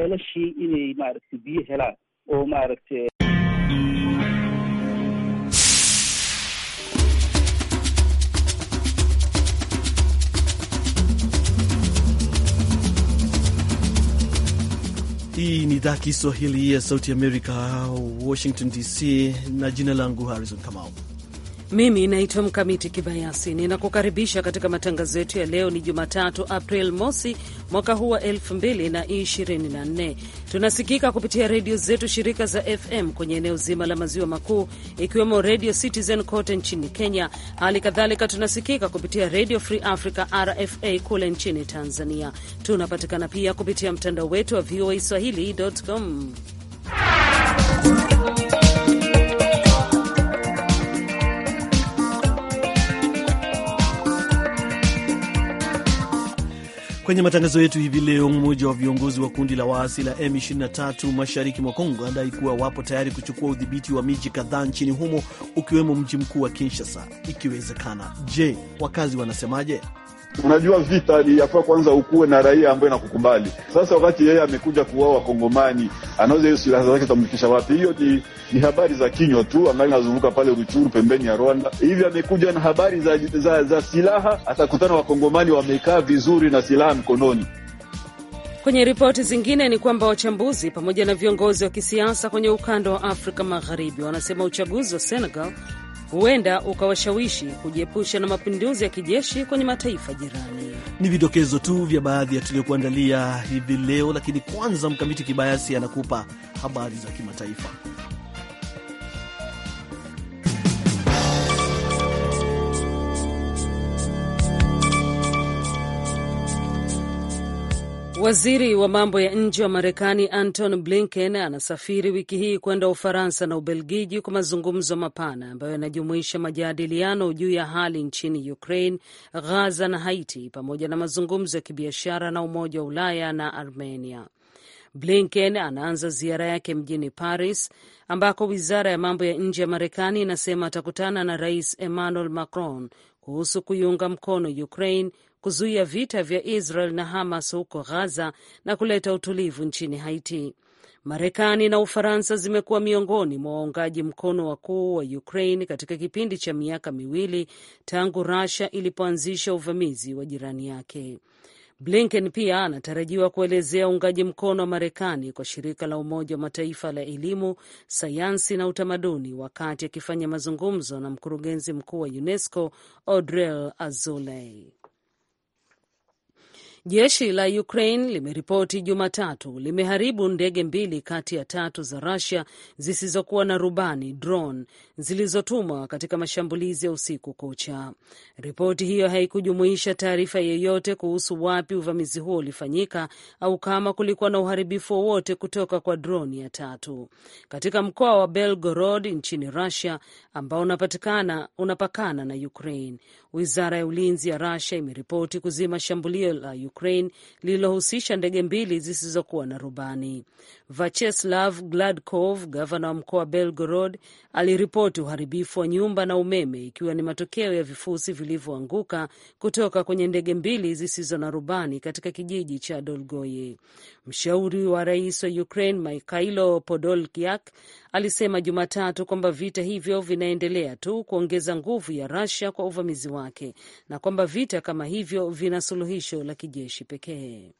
ceelashii inay maaragtay biyo helaan oo maaragtay Hii ni idhaa Kiswahili ya e Sauti Amerika, Washington DC, na jina langu Harrison Kamau. Mimi naitwa Mkamiti Kibayasi, ninakukaribisha katika matangazo yetu ya leo. Ni Jumatatu, April mosi mwaka huu wa 2024. Tunasikika kupitia redio zetu shirika za FM kwenye eneo zima la maziwa makuu, ikiwemo Redio Citizen kote nchini Kenya. Hali kadhalika tunasikika kupitia Redio Free Africa, RFA, kule nchini Tanzania. Tunapatikana pia kupitia mtandao wetu wa VOA swahili.com Kwenye matangazo yetu hivi leo, mmoja wa viongozi wa kundi la waasi la M23 mashariki mwa Kongo adai kuwa wapo tayari kuchukua udhibiti wa miji kadhaa nchini humo, ukiwemo mji mkuu wa Kinshasa ikiwezekana. Je, wakazi wanasemaje? Unajua vita yafaa kwanza ukuwe na raia ambayo inakukubali. Sasa wakati yeye amekuja kuua Wakongomani, anaweza hiyo silaha zake zitamfikisha wapi? Hiyo ni, ni habari za kinywa tu, angali nazunguka pale Ruchuru pembeni ya Rwanda hivi. Amekuja na habari za, za, za silaha, atakutana Wakongomani wamekaa vizuri na silaha mkononi. Kwenye ripoti zingine ni kwamba wachambuzi pamoja na viongozi wa kisiasa kwenye ukanda wa Afrika Magharibi wanasema uchaguzi wa Senegal huenda ukawashawishi kujiepusha na mapinduzi ya kijeshi kwenye mataifa jirani. Ni vidokezo tu vya baadhi ya tuliokuandalia hivi leo, lakini kwanza Mkamiti Kibayasi anakupa habari za kimataifa. Waziri wa mambo ya nje wa Marekani anton Blinken anasafiri wiki hii kwenda Ufaransa na Ubelgiji kwa mazungumzo mapana ambayo yanajumuisha majadiliano juu ya hali nchini Ukraine, Gaza na Haiti, pamoja na mazungumzo ya kibiashara na Umoja wa Ulaya na Armenia. Blinken anaanza ziara yake mjini Paris ambako wizara ya mambo ya nje ya Marekani inasema atakutana na Rais Emmanuel Macron kuhusu kuiunga mkono Ukraine kuzuia vita vya Israel na Hamas huko Gaza na kuleta utulivu nchini Haiti. Marekani na Ufaransa zimekuwa miongoni mwa waungaji mkono wakuu wa Ukraine katika kipindi cha miaka miwili tangu Russia ilipoanzisha uvamizi wa jirani yake. Blinken pia anatarajiwa kuelezea uungaji mkono wa Marekani kwa shirika la Umoja wa Mataifa la elimu, sayansi na utamaduni wakati akifanya mazungumzo na mkurugenzi mkuu wa UNESCO Audrey Azoulay. Jeshi la Ukraine limeripoti Jumatatu limeharibu ndege mbili kati ya tatu za Russia zisizokuwa na rubani drone zilizotumwa katika mashambulizi ya usiku kucha. Ripoti hiyo haikujumuisha taarifa yeyote kuhusu wapi uvamizi huo ulifanyika au kama kulikuwa na uharibifu wowote kutoka kwa dron ya tatu. Katika mkoa wa Belgorod nchini Russia ambao unapatikana unapakana na Ukraine, wizara ya ulinzi ya Russia imeripoti kuzima shambulio la Ukraine Ukraine lililohusisha ndege mbili zisizokuwa na rubani. Vacheslav Gladkov, gavana wa mkoa wa Belgorod, aliripoti uharibifu wa nyumba na umeme, ikiwa ni matokeo ya vifusi vilivyoanguka kutoka kwenye ndege mbili zisizo na rubani katika kijiji cha Dolgoye. Mshauri wa rais wa Ukraine Mikhailo Podolyak alisema Jumatatu kwamba vita hivyo vinaendelea tu kuongeza nguvu ya rasia kwa uvamizi wake na kwamba vita kama hivyo vina suluhisho la kijeshi kijeshi pekee.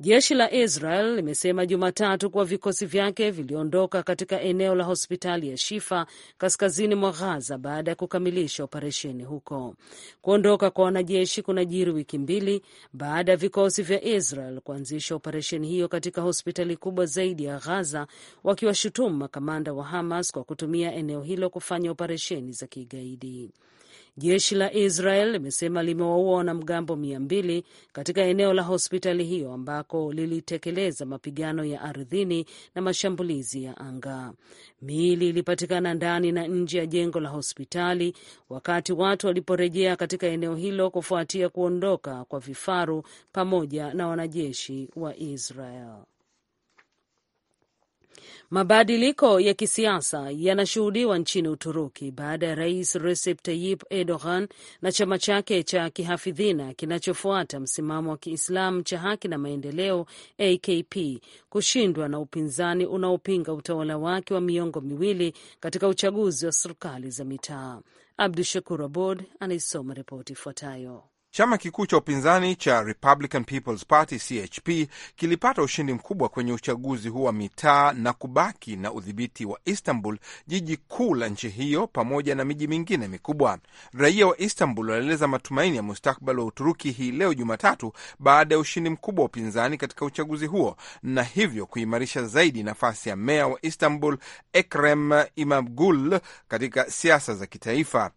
Jeshi la Israel limesema Jumatatu kuwa vikosi vyake viliondoka katika eneo la hospitali ya Shifa kaskazini mwa Ghaza baada ya kukamilisha operesheni huko. Kuondoka kwa wanajeshi kuna jiri wiki mbili baada ya vikosi vya Israel kuanzisha operesheni hiyo katika hospitali kubwa zaidi ya Ghaza, wakiwashutumu makamanda wa Hamas kwa kutumia eneo hilo kufanya operesheni za kigaidi. Jeshi la Israel limesema limewaua wanamgambo mia mbili katika eneo la hospitali hiyo ambako lilitekeleza mapigano ya ardhini na mashambulizi ya anga. Miili ilipatikana ndani na nje ya jengo la hospitali wakati watu waliporejea katika eneo hilo kufuatia kuondoka kwa vifaru pamoja na wanajeshi wa Israel. Mabadiliko ya kisiasa yanashuhudiwa nchini Uturuki baada ya rais Recep Tayyip Erdogan na chama chake cha kihafidhina kinachofuata msimamo wa Kiislamu cha Haki na Maendeleo, AKP, kushindwa na upinzani unaopinga utawala wake wa miongo miwili katika uchaguzi wa serikali za mitaa. Abdu Shakur Abod anaisoma ripoti ifuatayo. Chama kikuu cha upinzani cha Republican People's Party CHP kilipata ushindi mkubwa kwenye uchaguzi huu wa mitaa na kubaki na udhibiti wa Istanbul, jiji kuu la nchi hiyo, pamoja na miji mingine mikubwa. Raia wa Istanbul wanaeleza matumaini ya mustakbali wa Uturuki hii leo Jumatatu, baada ya ushindi mkubwa wa upinzani katika uchaguzi huo, na hivyo kuimarisha zaidi nafasi ya meya wa Istanbul Ekrem Imamoglu katika siasa za kitaifa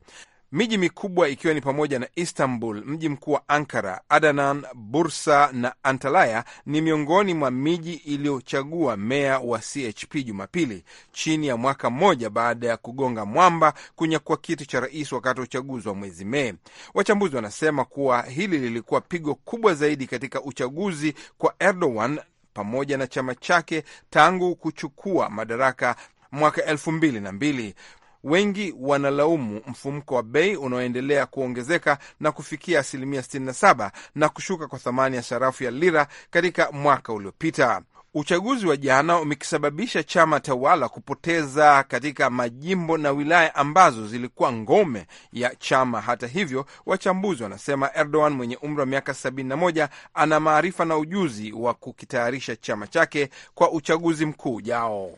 miji mikubwa ikiwa ni pamoja na Istanbul, mji mkuu wa Ankara, Adanan, Bursa na antalaya ni miongoni mwa miji iliyochagua meya wa CHP Jumapili, chini ya mwaka mmoja baada ya kugonga mwamba kunyakua kiti cha rais wakati wa uchaguzi wa mwezi Mei. Wachambuzi wanasema kuwa hili lilikuwa pigo kubwa zaidi katika uchaguzi kwa Erdogan pamoja na chama chake tangu kuchukua madaraka mwaka elfu mbili na mbili. Wengi wanalaumu mfumko wa bei unaoendelea kuongezeka na kufikia asilimia 67 na kushuka kwa thamani ya sarafu ya lira katika mwaka uliopita. Uchaguzi wa jana umekisababisha chama tawala kupoteza katika majimbo na wilaya ambazo zilikuwa ngome ya chama. Hata hivyo, wachambuzi wanasema Erdogan mwenye umri wa miaka 71 ana maarifa na ujuzi wa kukitayarisha chama chake kwa uchaguzi mkuu ujao.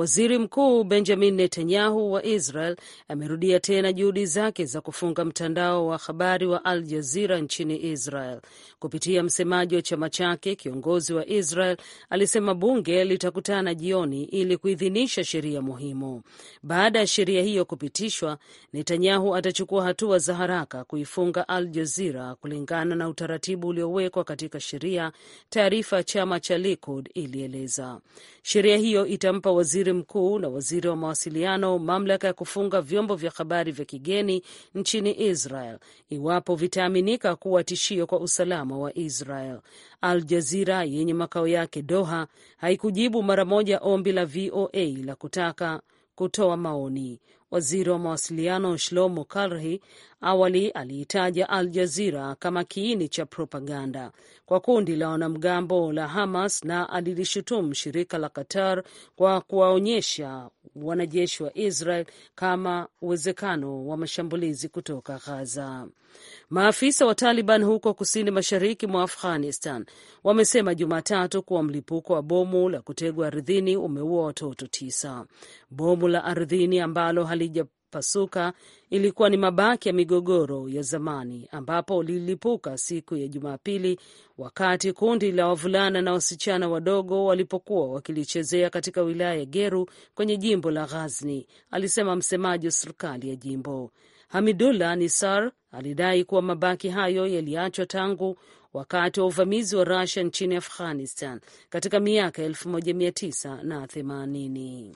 Waziri Mkuu Benjamin Netanyahu wa Israel amerudia tena juhudi zake za kufunga mtandao wa habari wa Al Jazira nchini Israel. Kupitia msemaji wa chama chake, kiongozi wa Israel alisema bunge litakutana jioni ili kuidhinisha sheria muhimu. Baada ya sheria hiyo kupitishwa, Netanyahu atachukua hatua za haraka kuifunga Al Jazira kulingana na utaratibu uliowekwa katika sheria, taarifa ya chama cha Likud ilieleza. Sheria hiyo itampa waziri waziri mkuu na waziri wa mawasiliano mamlaka ya kufunga vyombo vya habari vya kigeni nchini Israel iwapo vitaaminika kuwa tishio kwa usalama wa Israel. Al Jazira yenye makao yake Doha haikujibu mara moja ombi la VOA la kutaka kutoa maoni. Waziri wa mawasiliano Shlomo Karhi awali aliitaja Al Jazira kama kiini cha propaganda kwa kundi la wanamgambo la Hamas na alilishutumu shirika la Qatar kwa kuwaonyesha wanajeshi wa Israel kama uwezekano wa mashambulizi kutoka Ghaza. Maafisa wa Taliban huko kusini mashariki mwa Afghanistan wamesema Jumatatu kuwa mlipuko wa bomu la kutegwa ardhini umeua watoto tisa. Bomu la ardhini ambalo halijapasuka ilikuwa ni mabaki ya migogoro ya zamani ambapo lilipuka siku ya Jumapili wakati kundi la wavulana na wasichana wadogo walipokuwa wakilichezea katika wilaya ya Geru kwenye jimbo la Ghazni, alisema msemaji wa serikali ya jimbo. Hamidullah Nisar alidai kuwa mabaki hayo yaliachwa tangu wakati wa uvamizi wa Rusia nchini Afghanistan katika miaka 1980.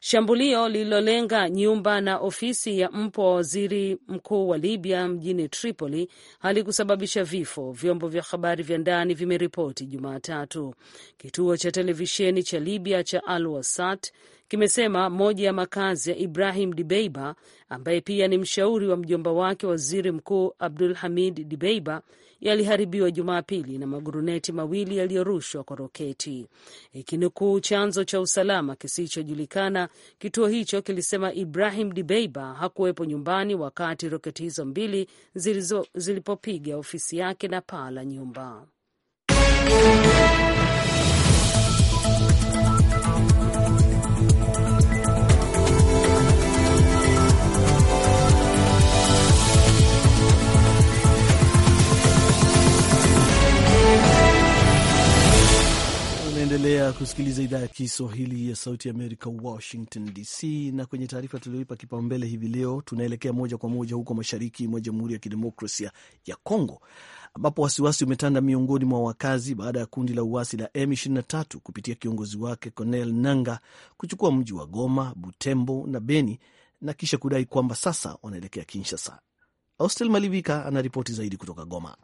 Shambulio lililolenga nyumba na ofisi ya mpo wa waziri mkuu wa Libya mjini Tripoli halikusababisha vifo, vyombo vya habari vya ndani vimeripoti Jumatatu. Kituo cha televisheni cha Libya cha Al Wasat kimesema moja ya makazi ya Ibrahim Dibeiba ambaye pia ni mshauri wa mjomba wake waziri mkuu Abdul Hamid Dibeiba yaliharibiwa Jumapili na maguruneti mawili yaliyorushwa kwa roketi. Ikinukuu chanzo cha usalama kisichojulikana, kituo hicho kilisema Ibrahim Dibeiba hakuwepo nyumbani wakati roketi hizo mbili zilipopiga ofisi yake na paa la nyumba. Unaendelea kusikiliza idhaa ya Kiswahili ya Sauti ya Amerika, Washington DC. Na kwenye taarifa tulioipa kipaumbele hivi leo, tunaelekea moja kwa moja huko mashariki mwa Jamhuri ya Kidemokrasia ya congo ambapo wasiwasi umetanda miongoni mwa wakazi baada ya kundi la uasi la M23 kupitia kiongozi wake Cornel Nanga kuchukua mji wa Goma, Butembo na Beni na kisha kudai kwamba sasa wanaelekea Kinshasa. Austel Malivika anaripoti zaidi kutoka Goma.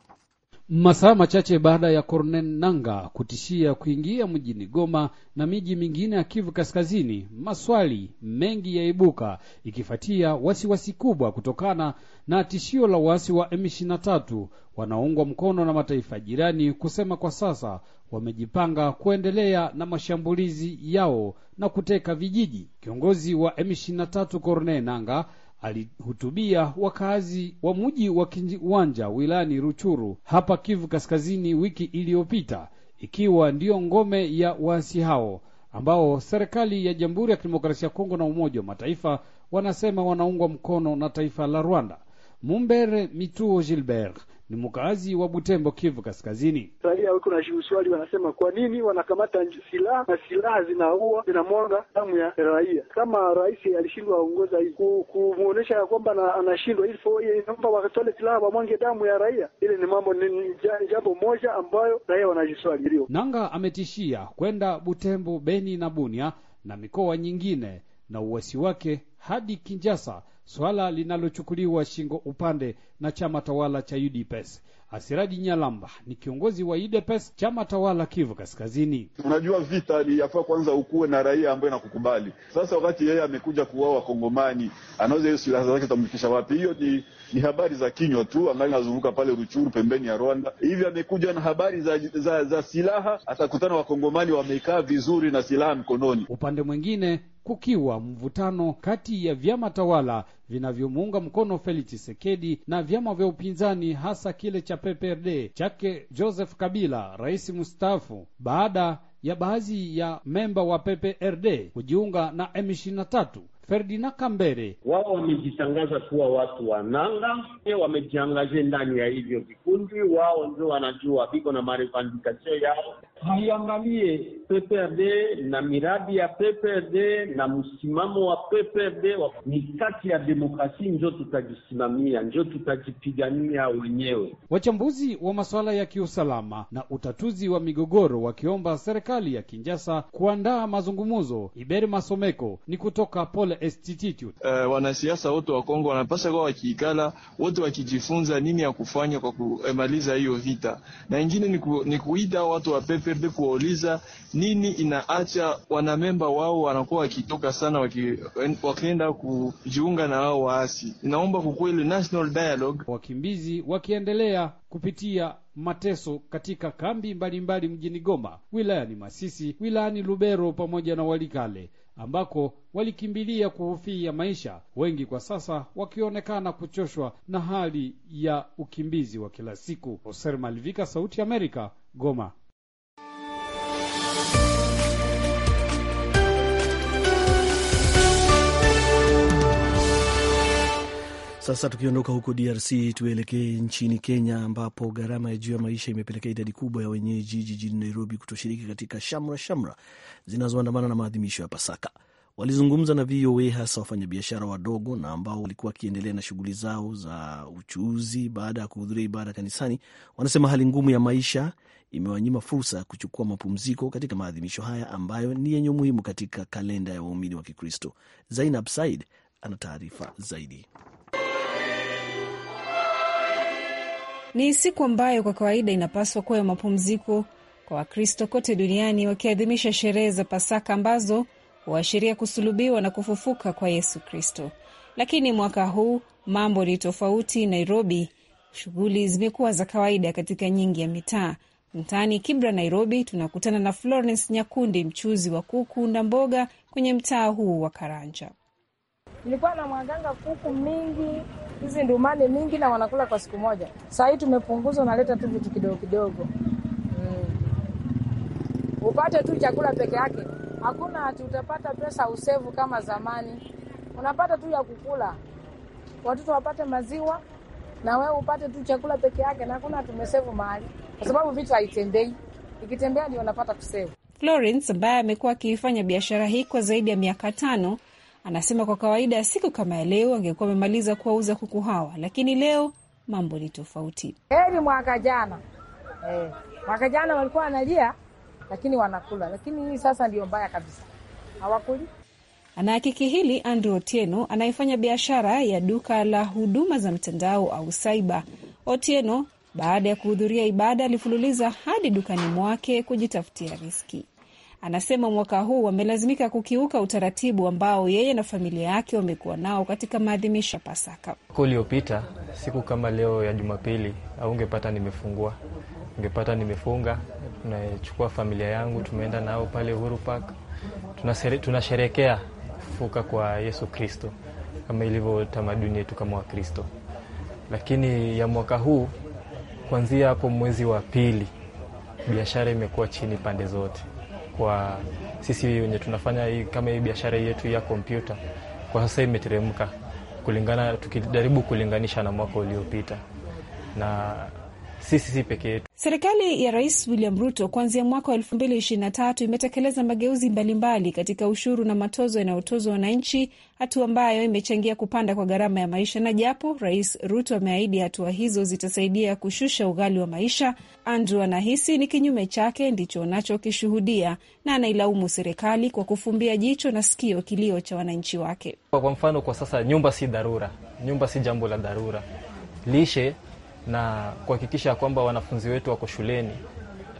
Masaa machache baada ya Corneille Nangaa kutishia kuingia mjini Goma na miji mingine ya Kivu Kaskazini, maswali mengi yaibuka ikifuatia wasiwasi kubwa kutokana na tishio la waasi wa M23 wanaoungwa mkono na mataifa jirani kusema kwa sasa wamejipanga kuendelea na mashambulizi yao na kuteka vijiji. Kiongozi wa M23 Corneille Nangaa alihutubia wakazi wa mji wa Kiwanja wilani Ruchuru hapa Kivu Kaskazini wiki iliyopita, ikiwa ndiyo ngome ya waasi hao ambao serikali ya Jamhuri ya Kidemokrasia ya Kongo na Umoja wa Mataifa wanasema wanaungwa mkono na taifa la Rwanda. Mumbere Mituo Gilbert ni mkaazi wa Butembo, Kivu Kaskazini. Raia wiko na swali, wanasema kwa nini wanakamata silaha na silaha zinaua zinamwanga damu ya raia? Kama rais alishindwa aongoza hii kumwonyesha ya kwamba anashindwa, inaomba wakatole silaha wamwange damu ya raia, ile ni mambo ni jambo moja ambayo raia wanajiswali. hiyo. Nanga ametishia kwenda Butembo, Beni na Bunia na mikoa nyingine na uwasi wake hadi Kinjasa, swala linalochukuliwa shingo upande na chama tawala cha UDPS. Asiraji Nyalamba ni kiongozi wa UDPS, chama tawala Kivu Kaskazini. Unajua, vita ni yafaa kwanza ukuwe na raia ambayo inakukubali. Sasa wakati yeye amekuja kuwaa Wakongomani, anaweza hiyo silaha zake zitamfikisha wapi? Hiyo ni, ni habari za kinywa tu, angali nazunguka pale Ruchuru pembeni ya Rwanda hivi. Amekuja na habari za, za, za silaha, atakutana Wakongomani wamekaa vizuri na silaha mkononi. Upande mwingine kukiwa mvutano kati kati ya vyama tawala vinavyomuunga mkono Felix Tshisekedi na vyama vya upinzani hasa kile cha PPRD chake Joseph Kabila, rais mstaafu, baada ya baadhi ya memba wa PPRD kujiunga na M23. Ferdinand Kambere, wao wamejitangaza kuwa watu wananga, eh, wamejiangaze ndani ya hivyo vikundi, wao ndio wanajua viko na marevandikasio yao haiangalie PPRD na miradi ya PPRD na msimamo wa PPRD. Ni kati ya demokrasia njo tutajisimamia, njo tutajipigania wenyewe. Wachambuzi wa masuala ya kiusalama na utatuzi wa migogoro wakiomba serikali ya Kinjasa kuandaa mazungumzo. Iberi Masomeko ni kutoka Pole Institute. Uh, wanasiasa wote wa Kongo wanapasa kuwa wakiikala wote wakijifunza nini ya kufanya kwa kumaliza hiyo vita, na ingine ni, ku, ni kuita watu wa pepe cndd kuwauliza nini inaacha wanamemba wao wanakuwa wakitoka sana waki, wakienda kujiunga na wao waasi. Inaomba kukweli national dialogue. Wakimbizi wakiendelea kupitia mateso katika kambi mbalimbali mjini Goma, wilayani Masisi, wilayani Lubero pamoja na Walikale ambako walikimbilia kuhofia maisha, wengi kwa sasa wakionekana kuchoshwa na hali ya ukimbizi wa kila siku. Oser Malivika, Sauti ya Amerika, Goma. Sasa tukiondoka huko DRC tuelekee nchini Kenya, ambapo gharama ya juu ya maisha imepelekea idadi kubwa ya wenyeji jijini Nairobi kutoshiriki katika shamra shamra zinazoandamana na maadhimisho ya Pasaka. Walizungumza na VOA hasa wafanyabiashara wadogo na ambao walikuwa wakiendelea na shughuli zao za uchuuzi baada ya kuhudhuria ibada kanisani. Wanasema hali ngumu ya maisha imewanyima fursa ya kuchukua mapumziko katika maadhimisho haya ambayo ni yenye umuhimu katika kalenda ya waumini wa Kikristo. Zainab Said ana taarifa zaidi. Ni siku ambayo kwa kawaida inapaswa kuwa ya mapumziko kwa Wakristo kote duniani, wakiadhimisha sherehe za Pasaka ambazo huashiria kusulubiwa na kufufuka kwa Yesu Kristo. Lakini mwaka huu mambo ni tofauti. Nairobi, shughuli zimekuwa za kawaida katika nyingi ya mitaa. Mtaani Kibra, Nairobi, tunakutana na Florence Nyakundi, mchuzi wa kuku na mboga kwenye mtaa huu wa Karanja nilikuwa na namwaganga kuku mingi hizi ndumane mingi na wanakula kwa siku moja. Saa hii tumepunguza, unaleta tu vitu kidogo kidogo mm. upate tu chakula peke yake, hakuna ati utapata pesa usevu kama zamani. Unapata tu ya kukula, watoto wapate maziwa na wewe upate tu chakula peke yake, na hakuna tumesevu mahali, kwa sababu vitu haitembei. Ikitembea ndio unapata kusevu. Florence ambaye amekuwa akifanya biashara hii kwa zaidi ya miaka tano Anasema kwa kawaida siku kama ya leo angekuwa amemaliza kuwauza kuku hawa, lakini leo mambo ni tofauti. Heri mwaka jana eh, mwaka jana walikuwa wanalia, lakini wanakula, lakini hii sasa ndio mbaya kabisa, hawakuli. Anahakiki hili Andrew Otieno anayefanya biashara ya duka la huduma za mtandao au saiba. Otieno baada ya kuhudhuria ibada alifululiza hadi dukani mwake kujitafutia riski. Anasema mwaka huu wamelazimika kukiuka utaratibu ambao yeye na familia yake wamekuwa nao katika maadhimisho ya Pasaka. Siku uliopita, siku kama leo ya Jumapili, au ungepata nimefungua, ungepata nimefunga, tunachukua familia yangu, tumeenda nao pale Uhuru Park, tunasherekea kufuka kwa Yesu Kristo kama ilivyo tamaduni yetu kama Wakristo. Lakini ya mwaka huu, kuanzia hapo mwezi wa pili, biashara imekuwa chini pande zote kwa sisi wenye tunafanya hii, kama hii biashara yetu ya kompyuta kwa sasa imeteremka kulingana, tukijaribu kulinganisha na mwaka uliopita, na sisi si peke yetu. Serikali ya Rais William Ruto kuanzia mwaka wa elfu mbili ishirini na tatu imetekeleza mageuzi mbalimbali katika ushuru na matozo yanayotozwa wananchi, hatua ambayo imechangia kupanda kwa gharama ya maisha. Na japo Rais Ruto ameahidi hatua hizo zitasaidia kushusha ughali wa maisha, Andrew anahisi ni kinyume chake ndicho anachokishuhudia, na anailaumu serikali kwa kufumbia jicho na sikio kilio cha wananchi wake. Kwa mfano, kwa sasa nyumba si dharura, nyumba si jambo la dharura, lishe na kuhakikisha kwamba wanafunzi wetu wako shuleni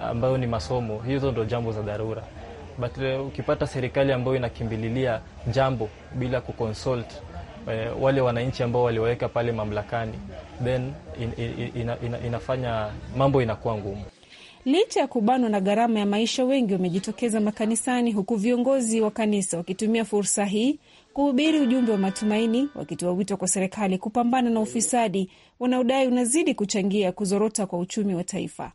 ambayo ni masomo. Hizo ndo jambo za dharura, but eh, ukipata serikali ambayo inakimbililia jambo bila kuconsult uh, eh, wale wananchi ambao waliwaweka pale mamlakani, then in, in, in, in, inafanya mambo inakuwa ngumu. Licha ya kubanwa na gharama ya maisha, wengi wamejitokeza makanisani, huku viongozi wa kanisa wakitumia fursa hii kuhubiri ujumbe wa matumaini, wakitoa wito kwa serikali kupambana na ufisadi wanaodai unazidi kuchangia kuzorota kwa uchumi wa taifa.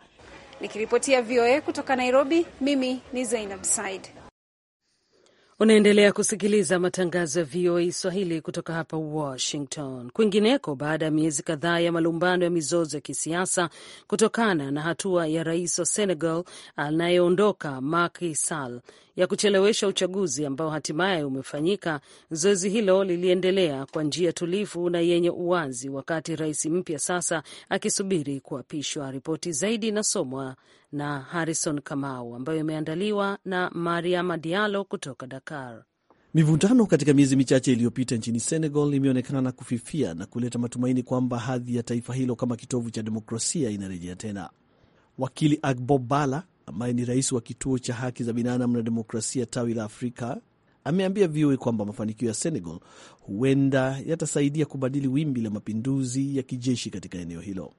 Nikiripotia VOA kutoka Nairobi, mimi ni Zainab Said. Unaendelea kusikiliza matangazo ya VOA Swahili kutoka hapa Washington. Kwingineko, baada ya miezi kadhaa ya malumbano ya mizozo ya kisiasa kutokana na hatua ya rais wa Senegal anayeondoka Macky Sall ya kuchelewesha uchaguzi ambao hatimaye umefanyika, zoezi hilo liliendelea kwa njia tulivu na yenye uwazi, wakati rais mpya sasa akisubiri kuapishwa. Ripoti zaidi inasomwa na Harrison Kamau, ambayo imeandaliwa na Mariama Diallo kutoka Dakar. Mivutano katika miezi michache iliyopita nchini Senegal imeonekana kufifia na kuleta matumaini kwamba hadhi ya taifa hilo kama kitovu cha demokrasia inarejea tena. Wakili Agbo Bala ambaye ni rais wa kituo cha haki za binadamu na demokrasia tawi la Afrika ameambia VOA kwamba mafanikio ya Senegal huenda yatasaidia kubadili wimbi la mapinduzi ya kijeshi katika eneo hilo.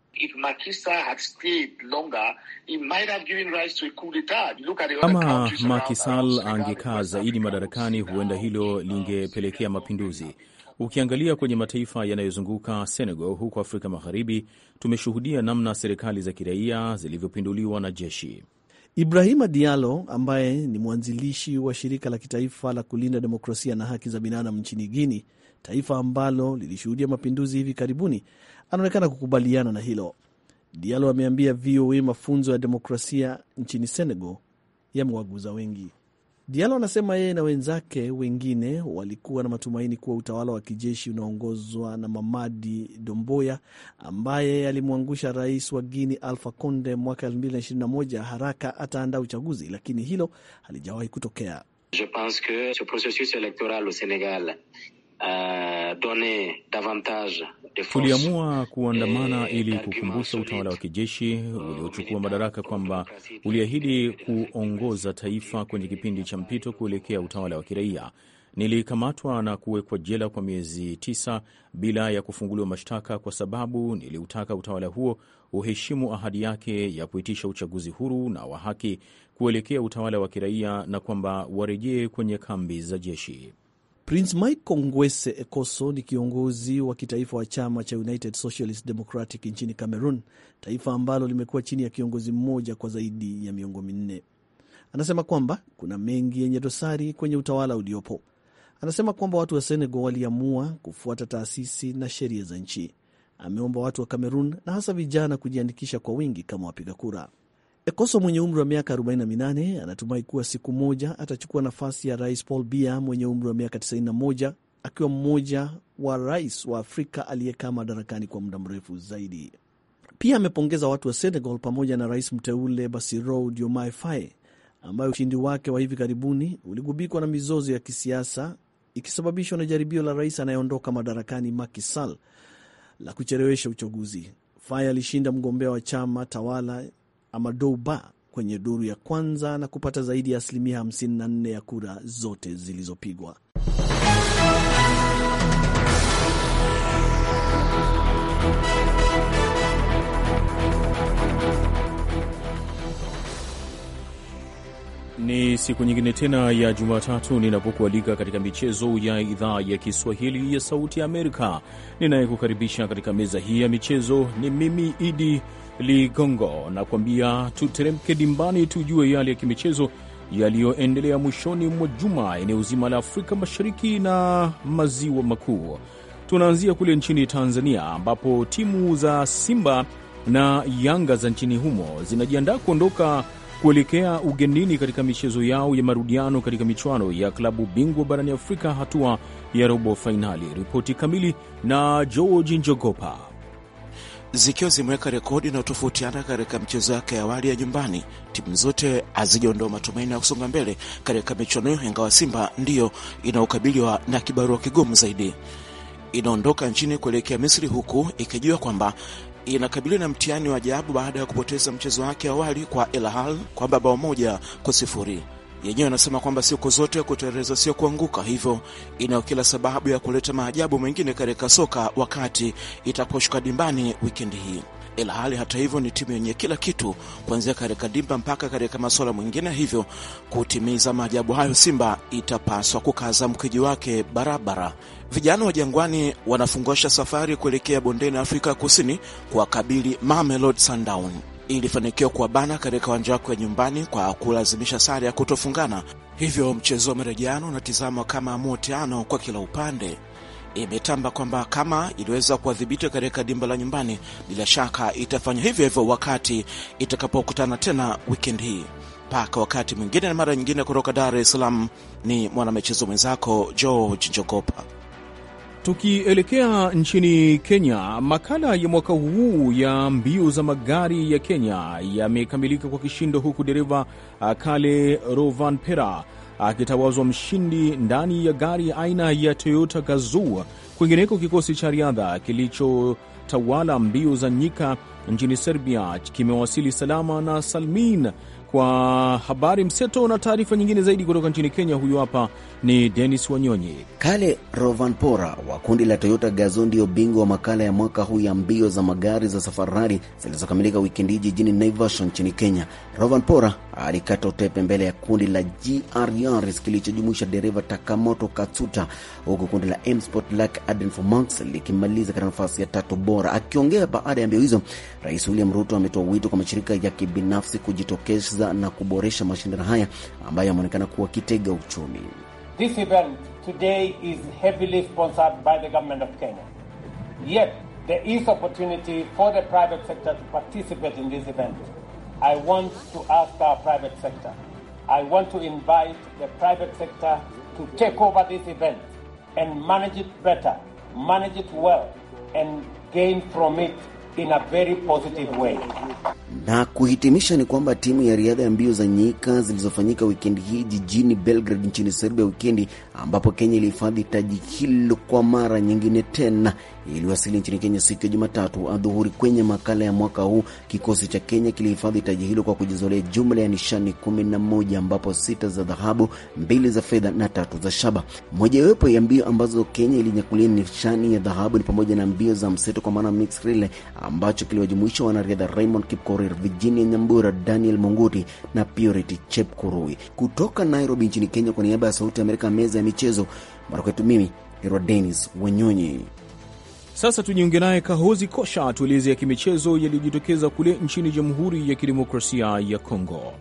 Kama Makisal angekaa zaidi madarakani, huenda hilo lingepelekea mapinduzi. Ukiangalia kwenye mataifa yanayozunguka Senegal huko Afrika Magharibi, tumeshuhudia namna serikali za kiraia zilivyopinduliwa na jeshi. Ibrahima Diallo ambaye ni mwanzilishi wa shirika la kitaifa la kulinda demokrasia na haki za binadamu nchini Guini, taifa ambalo lilishuhudia mapinduzi hivi karibuni, anaonekana kukubaliana na hilo. Diallo ameambia VOA mafunzo ya demokrasia nchini Senegal yamewaguza wengi dialo anasema yeye na wenzake wengine walikuwa na matumaini kuwa utawala wa kijeshi unaongozwa na Mamadi Domboya ambaye alimwangusha rais wa Guini Alfa Conde mwaka 2021 haraka ataandaa uchaguzi, lakini hilo halijawahi kutokea. Je pense que ce processus électoral au Sénégal Euh, tuliamua kuandamana ili kukumbusha utawala wa kijeshi uliochukua madaraka kwamba uliahidi kuongoza taifa kwenye kipindi cha mpito kuelekea utawala wa kiraia. Nilikamatwa na kuwekwa jela kwa miezi tisa bila ya kufunguliwa mashtaka kwa sababu niliutaka utawala huo uheshimu ahadi yake ya kuitisha uchaguzi huru na wa haki kuelekea utawala wa kiraia na kwamba warejee kwenye kambi za jeshi. Prince Mike Ngwese Ekoso ni kiongozi wa kitaifa wa chama cha United Socialist Democratic nchini Cameroon, taifa ambalo limekuwa chini ya kiongozi mmoja kwa zaidi ya miongo minne. Anasema kwamba kuna mengi yenye dosari kwenye utawala uliopo. Anasema kwamba watu wa Senegal waliamua kufuata taasisi na sheria za nchi. Ameomba watu wa Cameroon na hasa vijana kujiandikisha kwa wingi kama wapiga kura. Ekoso mwenye umri wa miaka 48 anatumai kuwa siku moja atachukua nafasi ya Rais Paul Biya mwenye umri wa miaka 91 akiwa mmoja wa rais wa Afrika aliyekaa madarakani kwa muda mrefu zaidi. Pia amepongeza watu wa Senegal pamoja na rais mteule Bassirou Diomaye Faye ambayo ushindi wake wa hivi karibuni uligubikwa na mizozo ya kisiasa ikisababishwa na jaribio la rais anayeondoka madarakani Macky Sall la kuchelewesha uchaguzi. Faye alishinda mgombea wa chama tawala Amadou kwenye duru ya kwanza na kupata zaidi ya asilimia 54 ya kura zote zilizopigwa. Ni siku nyingine tena ya Jumatatu ninapokualika katika michezo ya idhaa ya Kiswahili ya Sauti ya Amerika. Ninayekukaribisha katika meza hii ya michezo ni mimi Idi Ligongo na kuambia tuteremke dimbani tujue yale ya kimichezo yaliyoendelea mwishoni mwa juma eneo zima la Afrika Mashariki na Maziwa Makuu. Tunaanzia kule nchini Tanzania ambapo timu za Simba na Yanga za nchini humo zinajiandaa kuondoka kuelekea ugenini katika michezo yao ya marudiano katika michuano ya klabu bingwa barani Afrika hatua ya robo fainali. Ripoti kamili na George Njogopa zikiwa zimeweka rekodi na utofautiana katika michezo yake ya awali ya nyumbani. Timu zote hazijaondoa matumaini ya kusonga mbele katika michuano hiyo, ingawa Simba ndiyo inaokabiliwa na kibarua kigumu zaidi. Inaondoka nchini kuelekea Misri huku ikijua kwamba inakabiliwa na mtihani wa ajabu baada ya kupoteza mchezo wake awali kwa Elahal kwa bao moja kwa sifuri yenyewe anasema kwamba siku zote kuteleza sio kuanguka, hivyo inayo kila sababu ya kuleta maajabu mengine katika soka wakati itaposhuka dimbani wikendi hii. Ila hali hata hivyo, ni timu yenye kila kitu kuanzia katika dimba mpaka katika masuala mwingine, hivyo kutimiza maajabu hayo, Simba itapaswa kukaza mkiji wake barabara. Vijana wa Jangwani wanafungosha safari kuelekea bondeni Afrika Kusini kuwakabili Mamelodi Sundowns ilifanikiwa kuwabana katika uwanja wake wa nyumbani kwa kulazimisha sare ya kutofungana. Hivyo mchezo wa marejeano unatizama kama moteano kwa kila upande. Imetamba kwamba kama iliweza kuwadhibiti katika dimba la nyumbani, bila shaka itafanya hivyo hivyo wakati itakapokutana tena wikendi hii. Mpaka wakati mwingine na mara nyingine, kutoka Dar es Salaam ni mwanamichezo mwenzako George Njogopa. Tukielekea nchini Kenya, makala ya mwaka huu ya mbio za magari ya Kenya yamekamilika kwa kishindo, huku dereva Kale Rovanpera akitawazwa mshindi ndani ya gari aina ya Toyota Gazoo. Kwingineko, kikosi cha riadha kilichotawala mbio za nyika nchini Serbia kimewasili salama na salmin kwa habari mseto na taarifa nyingine zaidi kutoka nchini Kenya. Huyu hapa ni Denis Wanyonyi. Kale Rovanpora wa kundi la Toyota Gazoo ndio bingwa wa makala ya mwaka huu ya mbio za magari za safari zilizokamilika wikendi hii jijini Naivasha nchini Kenya. Rovanpora alikata utepe mbele ya kundi la GR Yaris e kilichojumuisha dereva Takamoto Katsuta, huku kundi la M Sport Lak Adrian Fomax likimaliza katika nafasi ya tatu bora. Akiongea baada ya mbio hizo, Rais William Ruto ametoa wito kwa mashirika ya kibinafsi kujitokeza kukuza na kuboresha mashindano haya ambayo yameonekana kuwa kitega uchumi. This event today is heavily sponsored by the government of Kenya. Yet there is opportunity for the private sector to participate in this event. I want to ask our private sector. I want to invite the private sector to take over this event and manage it better, manage it well and gain from it in a very positive way. Na kuhitimisha ni kwamba timu ya riadha ya mbio za nyika zilizofanyika wikendi hii jijini Belgrade nchini Serbia, wikendi ambapo Kenya ilihifadhi taji hilo kwa mara nyingine tena iliwasili nchini Kenya siku ya Jumatatu adhuhuri. Kwenye makala ya mwaka huu, kikosi cha Kenya kilihifadhi taji hilo kwa kujizolea jumla ya nishani kumi na moja ambapo sita za dhahabu, mbili za fedha na tatu za shaba. Mojawapo ya mbio ambazo Kenya ilinyakulia nishani ya dhahabu ni pamoja na mbio za mseto kwa maana mixed relay, ambacho kiliwajumuisha wanariadha Raymond Kipkorir, Virginia Nyambura, Daniel Munguti na Purity Chepkurui. Kutoka Nairobi nchini Kenya, kwa niaba ya Sauti ya Amerika, meza ya michezo, mara mimi Herwa Denis Wanyonyi. Sasa tujiunge naye Kahozi Kosha atueleze ya kimichezo yaliyojitokeza kule nchini Jamhuri ya Kidemokrasia ya Kongo.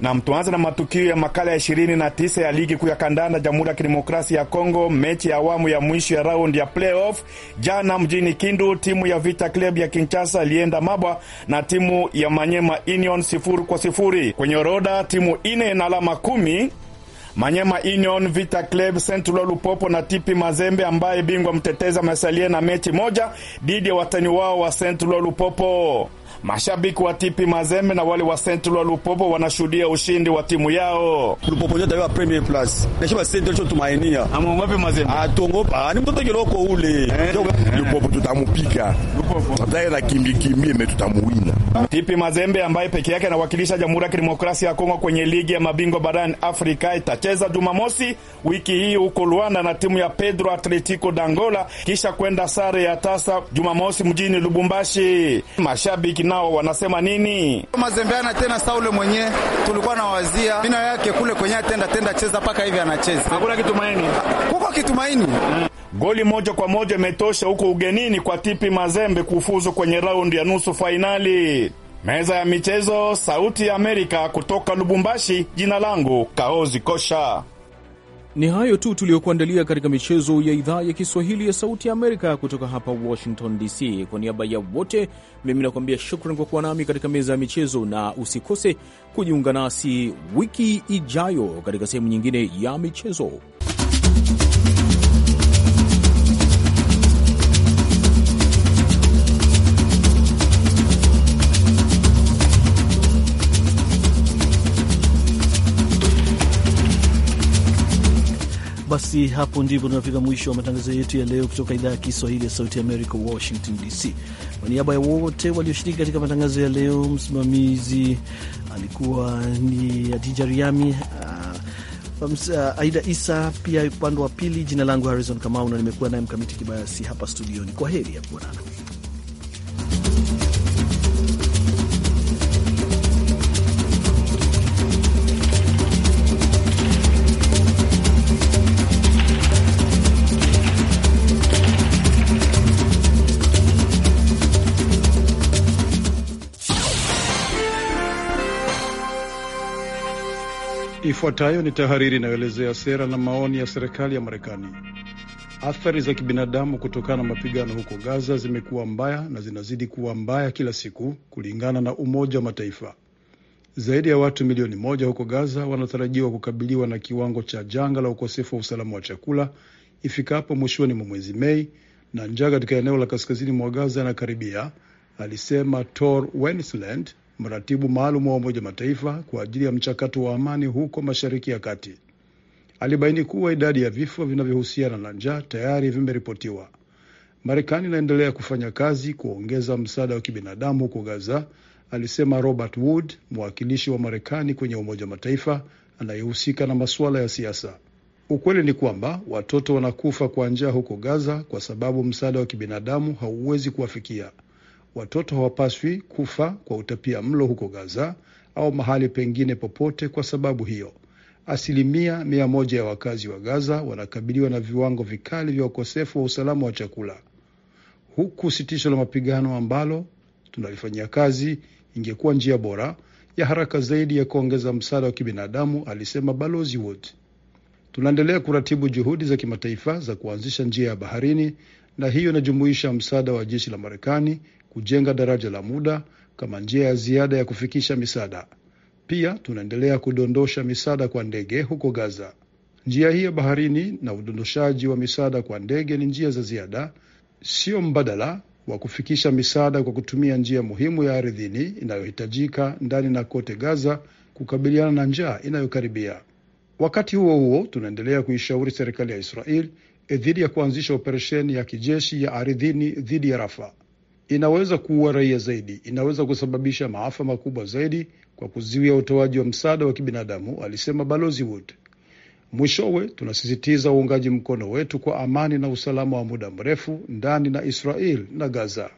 Nam, tuanze na matukio ya makala ya 29 ya ligi kuu ya kandanda Jamhuri ya Kidemokrasia ya Kongo. Mechi ya awamu ya mwisho ya raundi ya playoff jana mjini Kindu, timu ya Vita Club ya Kinshasa ilienda mabwa na timu ya Manyema Union sifuri kwa sifuri. Kwenye orodha timu ine na alama kumi Manyema Union, Vita Club, Sentulwa Lupopo na Tipi Mazembe ambaye bingwa mtetezi amesalia na mechi moja dhidi ya watani wao wa Sentulwa Lupopo. Mashabiki wa Tipi Mazembe na wale wa Sentralwa Lupopo wanashuhudia ushindi wa timu yao. Lupopo ndio wa premier place. shaba Central cho tumainia. Amwombe Mazembe. Atongopa. Ah, ah, ni mtoto kiloko ule. Eh? Lupopo tutamupiga. Lupopo. Tutaye na kimbi kimbi me tutamuwina. Tipi Mazembe ambaye peke yake anawakilisha Jamhuri ya Kidemokrasia ya Kongo kwenye ligi ya mabingwa barani Afrika itacheza Jumamosi wiki hii huko Luanda na timu ya Pedro Atletico d'Angola kisha kwenda sare ya tasa Jumamosi mjini Lubumbashi. Mashabiki nao wanasema nini? Mazembeana tena Saule mwenye tulikuwa na wazia mina yake kule kwenye tenda tenda cheza paka hivi anacheza, hakuna kitumaini, kuko kitumaini mm. Goli moja kwa moja imetosha huko ugenini kwa Tipi Mazembe kufuzu kwenye raundi ya nusu fainali. Meza ya michezo, Sauti ya Amerika, kutoka Lubumbashi. Jina langu Kaozi Kosha. Ni hayo tu tuliyokuandalia katika michezo ya idhaa ya Kiswahili ya Sauti ya Amerika kutoka hapa Washington DC. Kwa niaba ya wote, mimi nakuambia shukran kwa kuwa nami katika meza ya michezo, na usikose kujiunga nasi wiki ijayo katika sehemu nyingine ya michezo. Basi hapo ndipo tunafika mwisho wa matangazo yetu ya leo kutoka idhaa ya Kiswahili ya Sauti America, Washington DC. Kwa niaba ya wote walioshiriki katika matangazo ya leo, msimamizi alikuwa ni Adija Riami, uh, um, uh, Aida Isa pia upande wa pili. Jina langu Harrison Kamau na nimekuwa naye Mkamiti Kibayasi hapa studioni. Kwa heri ya kuonana. Ifuatayo ni tahariri inayoelezea sera na maoni ya serikali ya Marekani. Athari za kibinadamu kutokana na mapigano huko Gaza zimekuwa mbaya na zinazidi kuwa mbaya kila siku, kulingana na Umoja wa Mataifa. Zaidi ya watu milioni moja huko Gaza wanatarajiwa kukabiliwa na kiwango cha janga la ukosefu wa usalama wa chakula ifikapo mwishoni mwa mwezi Mei, na njaa katika eneo la kaskazini mwa Gaza anakaribia alisema Tor Wennesland, mratibu maalum wa Umoja Mataifa kwa ajili ya mchakato wa amani huko Mashariki ya Kati. Alibaini kuwa idadi ya vifo vinavyohusiana na njaa tayari vimeripotiwa. Marekani inaendelea kufanya kazi kuongeza msaada wa kibinadamu huko Gaza, alisema Robert Wood, mwakilishi wa Marekani kwenye Umoja Mataifa anayehusika na masuala ya siasa. Ukweli ni kwamba watoto wanakufa kwa njaa huko Gaza kwa sababu msaada wa kibinadamu hauwezi kuwafikia. Watoto hawapaswi kufa kwa utapia mlo huko Gaza au mahali pengine popote kwa sababu hiyo. Asilimia mia moja ya wakazi wa Gaza wanakabiliwa na viwango vikali vya ukosefu wa usalama wa chakula, huku sitisho la mapigano ambalo tunalifanyia kazi ingekuwa njia bora ya haraka zaidi ya kuongeza msaada wa kibinadamu, alisema Balozi Wood. Tunaendelea kuratibu juhudi za kimataifa za kuanzisha njia ya baharini, na hiyo inajumuisha msaada wa jeshi la Marekani kujenga daraja la muda kama njia ya ziada ya kufikisha misaada. Pia tunaendelea kudondosha misaada kwa ndege huko Gaza. Njia hii ya baharini na udondoshaji wa misaada kwa ndege ni njia za ziada, sio mbadala wa kufikisha misaada kwa kutumia njia muhimu ya ardhini inayohitajika ndani na kote Gaza kukabiliana na njaa inayokaribia. Wakati huo huo, tunaendelea kuishauri serikali ya Israel eh, dhidi ya kuanzisha operesheni ya kijeshi ya ardhini dhidi ya Rafa inaweza kuua raia zaidi, inaweza kusababisha maafa makubwa zaidi kwa kuzuia utoaji wa msaada wa kibinadamu, alisema Balozi Wood. Mwishowe, tunasisitiza uungaji mkono wetu kwa amani na usalama wa muda mrefu ndani na Israel na Gaza.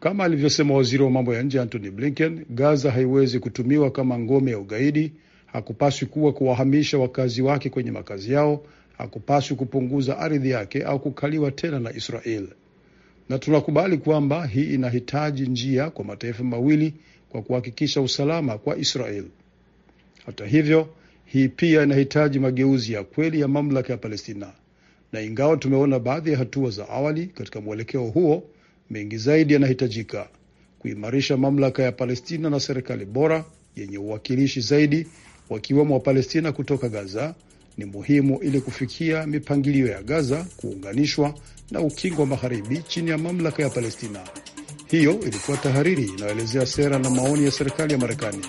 Kama alivyosema waziri wa mambo ya nje Antony Blinken, Gaza haiwezi kutumiwa kama ngome ya ugaidi. Hakupaswi kuwa kuwahamisha wakazi wake kwenye makazi yao, hakupaswi kupunguza ardhi yake au kukaliwa tena na Israel na tunakubali kwamba hii inahitaji njia kwa mataifa mawili kwa kuhakikisha usalama kwa Israel. Hata hivyo, hii pia inahitaji mageuzi ya kweli ya mamlaka ya Palestina, na ingawa tumeona baadhi ya hatua za awali katika mwelekeo huo, mengi zaidi yanahitajika: kuimarisha mamlaka ya Palestina na serikali bora yenye uwakilishi zaidi, wakiwemo Wapalestina kutoka Gaza ni muhimu ili kufikia mipangilio ya Gaza kuunganishwa na ukingo wa magharibi chini ya mamlaka ya Palestina. Hiyo ilikuwa tahariri inayoelezea sera na maoni ya serikali ya Marekani.